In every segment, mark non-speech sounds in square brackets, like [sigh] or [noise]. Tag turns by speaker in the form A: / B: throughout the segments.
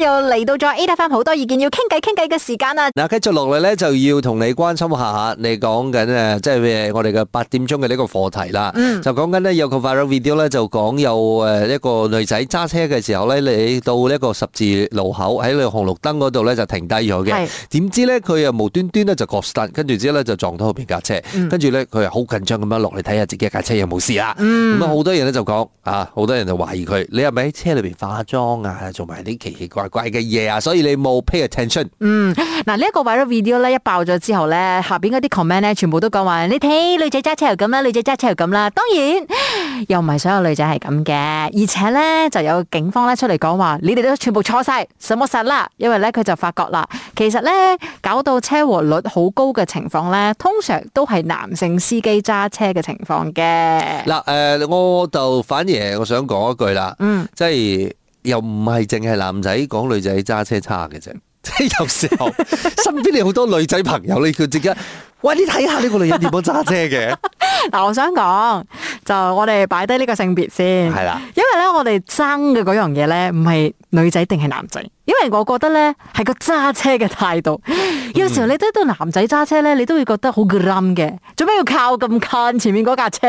A: 又嚟到咗 gather 翻好多意見，要傾偈傾偈嘅時間啦。
B: 嗱，繼續落嚟咧就要同你關心一下下你講緊誒，即係我哋嘅八點鐘嘅呢個課題啦。就講緊呢有個 viral video 咧就講有誒一個女仔揸車嘅時候咧，你到呢個十字路口喺個紅綠燈嗰度咧就停低咗嘅。點是知咧佢又無端端咧就過失，跟住之後咧就撞到後邊架車，跟住咧佢又好緊張咁樣落嚟睇下來看看自己架車有冇事啦。咁啊，好多人咧就講啊，好多人就懷、啊、疑佢，你係咪喺車裏邊化妝啊，做埋啲奇奇怪怪嘅嘢啊！所以你冇 pay attention。嗯，
A: 嗱，呢一個 video 咧，一爆咗之後咧，下邊嗰啲 comment 咧全部都講話，你睇女仔揸車又咁啦，女仔揸車又咁啦。當然又唔係所有女仔係咁嘅，而且咧就有警方咧出嚟講話，你哋都全部錯晒，實冇實啦。因為咧佢就發覺啦，其實咧搞到車禍率好高嘅情況咧，通常都係男性司機揸車嘅情況嘅。
B: 嗱、嗯，誒、呃，我就反而我想講一句啦，嗯，即係。又唔係淨係男仔講女仔揸車差嘅啫，即係有時候身邊你好多女仔朋友 [laughs] 你佢直接。喂，你睇下呢個女人點樣揸車嘅？
A: 嗱、 [laughs] 呃，我想講就我哋擺低呢個性別先，係啦的。因為咧，我哋爭嘅嗰樣嘢咧，唔係女仔定係男仔，因為我覺得咧係個揸車嘅態度。嗯、有時候你睇到男仔揸車咧，你都會覺得好嘅冧嘅。做咩要靠咁近前面嗰架車？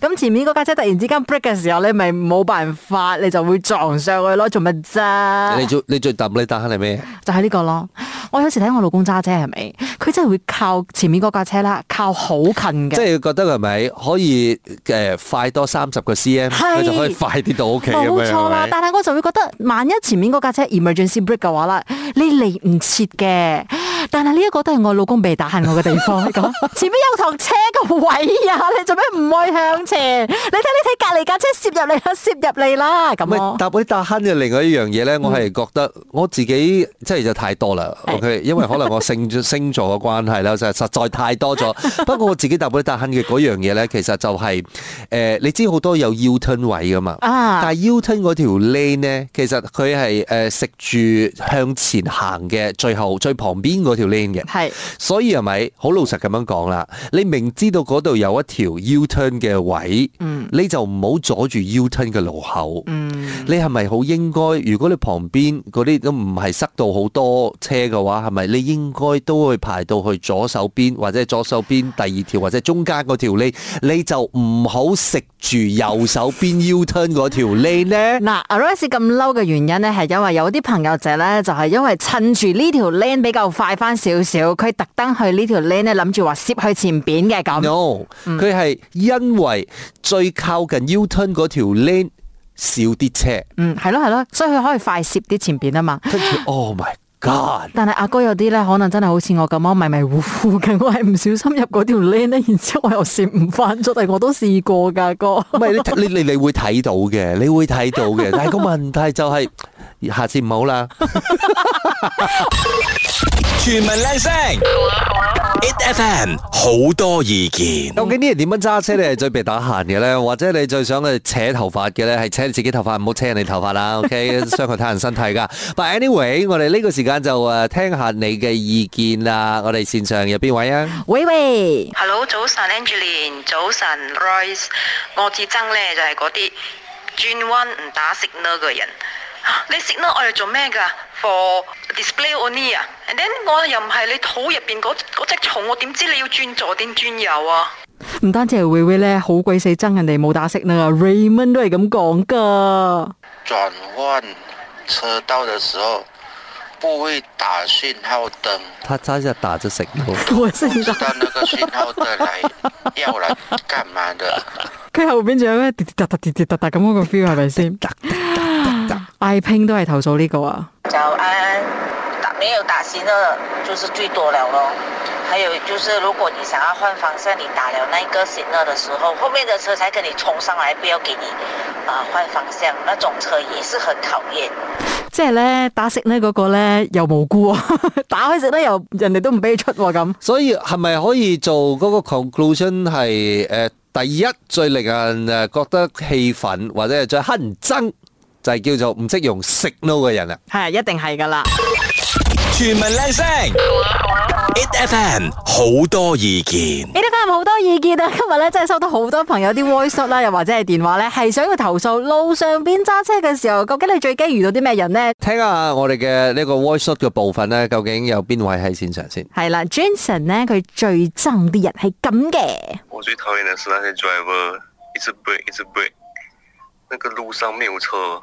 A: 咁前面嗰架車突然之間 break 嘅時候，你咪冇辦法，你就會撞上去咯，還不咯你
B: 做乜啫？你最你最揼你揼係咩？你
A: 就係呢個咯。我有時睇我老公揸車係咪？佢真係會靠前。前面嗰架車啦，靠好近嘅，即係
B: 覺得係咪可以誒快多三十個 cm，佢是就可以快啲到屋企，冇錯啦，是是但
A: 係我就會覺得，萬一前面嗰架車 emergency brake 嘅話啦，你嚟唔切嘅。但係呢一個都係我老公被打乞我
B: 嘅地方，
A: [laughs] 前面有台車個位啊！你做咩唔會向前？你睇你睇隔籬架車，攝入嚟啦，攝入嚟啦！咁
B: 搭會搭坑嘅另外一樣嘢咧，嗯、我係覺得我自己真係就太多啦。是 OK，因為可能我星 [laughs] 星座嘅關係啦，實實在太多咗。 [laughs] 不過我自己搭會搭坑嘅嗰樣嘢咧，其實就係、是、誒、呃，你知好多有 U turn 位噶嘛？啊、但係 U turn 嗰條 lane 咧，其實佢係誒食住向前行嘅，最後最旁邊。嗰條 lane 嘅，係是，所以係咪好老實咁樣講啦？你明知道嗰度有一條 U turn 嘅位，嗯，你就唔好阻住 U turn 嘅路口，嗯，你係咪好應該？如果你旁邊嗰啲都唔係塞到好多車嘅話，係咪你應該都會排到去左手邊，或者左手邊第二條， [laughs] 或者係中間嗰條 lane。你就唔好食住右手邊 U turn 嗰條 lane 呢。嗱
A: ，Alex 咁嬲嘅原因呢，係因為有啲朋友仔呢，就係因為趁住呢條 lane 比較快。翻少少，佢特登去呢條
B: lane 咧，諗住話攝佢前邊嘅咁。No，佢係、嗯、因為最靠近 U-turn 嗰條 lane 少啲車。嗯，
A: 係咯係咯，所以佢可以快攝啲前邊啊嘛。跟住
B: Oh [laughs] my！God，
A: 但係阿哥,哥有啲咧，可能真係好似我咁樣我迷迷糊糊嘅，我係唔小心入嗰條 lane 咧，然之後我又食唔翻咗，但係我都試過噶，哥。唔係你
B: 你你會睇到嘅，你會睇到嘅，到 [laughs] 但係個問題就係、是、下次唔好啦。全民靚聲，it fm 好多意見。究竟啲人點樣揸車？你係最被打閒嘅咧，或者你最想去扯頭髮嘅咧？係扯自己頭髮，唔好扯人哋頭髮啦。OK，傷害 [laughs] 他人身體噶。But anyway，我哋呢個時間。間就誒聽下你嘅意見啦，我哋線上有邊位啊？威威
A: ，Hello，早晨，Angeline，早晨，Royce，我至憎咧就係嗰啲轉彎唔打 signal 嘅人。你 signal 我哋做咩噶？For display only 啊，And then 我又唔係你肚入邊嗰嗰隻蟲，我點知你要轉左點轉右啊？唔單止係威威咧，好鬼死憎人哋冇打 signal 啊！Raymond 都係咁講噶，
B: 轉彎車道嘅時候。不會打信號燈，他他一打着石頭不知道那個信號燈來 [laughs] 要來幹嘛的。佢後邊仲有
A: 咩噠噠噠噠噠噠咁嗰個 feel 係咪先？哎，拼都係投訴呢個啊。早安。打沒有打信號，就是最多了咯。還有就是，如果你想要換方向，你打了那一個信號的時候，後面的車才跟你衝上來，不要給你啊、呃、換方向，那種車也是很考驗。即係咧打 signal 咧嗰個咧又無辜，打開 signal 咧又人哋都唔俾你出咁。
B: 所以係咪可以做嗰個 conclusion，係誒第一最令人誒覺得氣憤或者係最乞人憎，就係叫做唔識用 signal 嘅人啦。係啊，一定係噶啦。全民靚聲，it FM 好多意見。
A: 真係好多意見啊！今日咧真係收到好多朋友啲 voice 啦，又或者係電話咧，係想要投訴路上邊揸車嘅時候，究竟你最驚遇到啲咩人呢？聽下
B: 我哋嘅呢個 voice shot 嘅部分咧，究竟有邊位喺線上先？
A: 係啦，Johnson 咧，佢最憎啲人係咁嘅。
B: 我最討厭的是那些 driver，一直 break 一直 break，那個路上沒有車。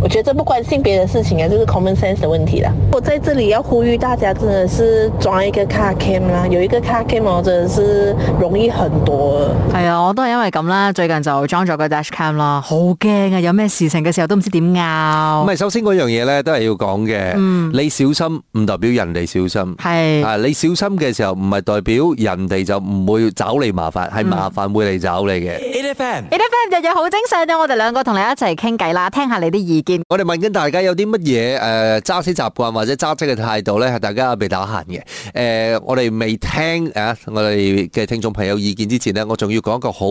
A: 我覺得這不關性別的事情啊，就是 common sense 的問題啦。我在這裏要呼籲大家，真的是裝一個 car cam 啦，有一個 car cam，真的是容易很多。係啊，我都係因為咁啦，最近就裝咗個 dash cam 啦，好驚啊！有咩事情嘅時候都唔知點拗。唔
B: 係，首先嗰樣嘢咧都係要講嘅。嗯、你小心唔代表人哋小心。係是。啊，你小心嘅時候唔係代表人哋就唔會找你麻煩，係、嗯、麻煩會嚟找你嘅。Eddie Fan，Eddie Fan 日日好精神啊！我哋兩個同你一齊傾偈啦，聽下你啲意見。我哋問緊大家有啲乜嘢，誒，揸車習慣或者揸車嘅態度咧，係大家未打閑嘅誒，我哋未聽啊，我哋嘅聽眾朋友意見之前咧，我仲要講一個好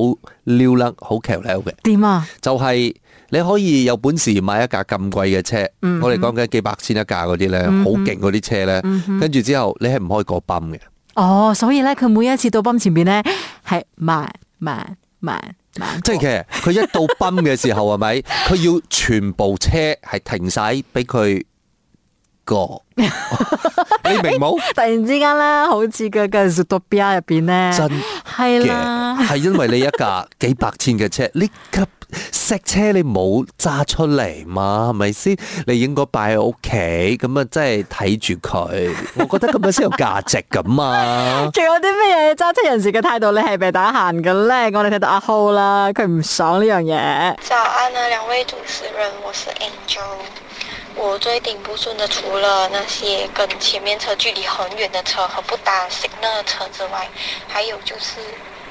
B: 撩甩、好橋撩嘅點啊！就係你可以有本事買一架咁貴嘅車，嗯嗯，我哋講緊幾百千一架嗰啲咧，好勁嗰啲車咧，嗯嗯，跟住之後你係唔可以過泵嘅。
A: 哦，所以咧佢每一次到泵前面咧係慢慢慢。慢慢
B: 即係其實佢，佢一到崩嘅時候係咪？佢 [laughs] 要全部車係停晒俾佢過， [laughs] [laughs] 你明冇、
A: 哎？突然之間咧，好似嗰個雪 BR 入邊咧，這個、面真係的嘅，係
B: 的因為你一架幾百千嘅車，呢、 [laughs] 這個。食車你冇揸出嚟嘛，係咪先？你應該擺喺屋企，咁啊真係睇住佢。我覺得咁樣先有價值咁嘛。仲 [laughs] 有啲咩嘢揸車人士
A: 嘅態度？你係咪打閒嘅咧？我哋睇到阿浩啦，佢唔爽呢樣嘢。早安呢、啊、兩位主持人，我是 Angel。我最頂不順嘅，除了那些跟前面車距離很遠嘅車和不打 Signal 車之外，還有就是。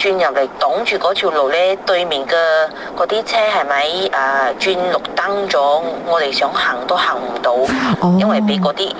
A: 轉入嚟擋住嗰條路咧，對面嘅嗰啲車係咪誒轉綠燈咗，我哋想行都行唔到，oh. 因為俾嗰啲。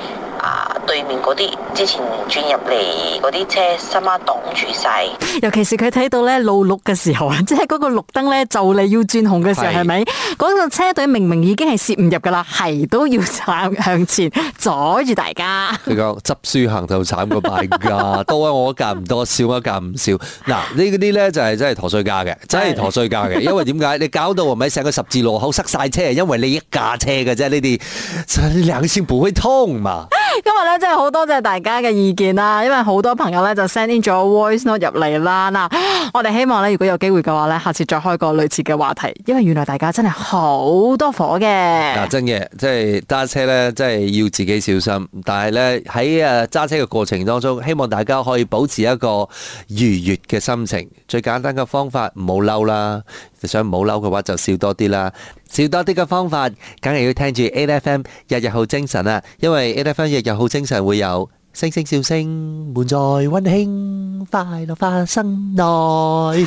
A: 啊！對面嗰啲之前轉入嚟嗰啲車，塞媽擋住晒。尤其是佢睇到咧路綠嘅時候啊，即係嗰個綠燈咧就嚟要轉紅嘅時候，係咪？嗰是、嗰個車隊明明已經係攝唔入噶啦，係都要行向前阻住大家。
B: 個執輸行就慘過敗家， [laughs] 多我一我架唔多，少一架唔少。嗱，呢啲咧就係、是、真係陀衰家嘅， [laughs] 真係陀衰家嘅，因為點解？ [laughs] 你搞到唔係成個十字路口塞晒車，因為你一架車嘅啫，呢啲，良心不會通嘛？
A: 今日咧真係好多謝大家嘅意見啦，因為好多朋友咧就 send in 咗 voice note 入嚟啦。嗱，我哋希望咧，如果有機會嘅話咧，下次再開一個類似嘅話題，因為原來大家真係好多火嘅。
B: 嗱、啊，真嘅，即係揸車咧，即係要自己小心。但係咧喺誒揸車嘅過程當中，希望大家可以保持一個愉悅嘅心情。最簡單嘅方法，唔好嬲啦。想唔好嬲嘅話，就笑多啲啦。笑多啲嘅方法，梗係要聽住 A. F. M. 日日好精神啊！因為 A. F. M. 日日好精神會有星星，星溫笑聲滿載溫馨快樂發生內。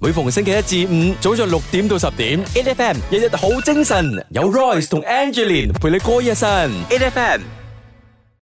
B: 每逢星期一至五早上六點到十點，A. F. M. 日日好精神，有 Royce 同 Angelin 陪你過一晨，A. F. M.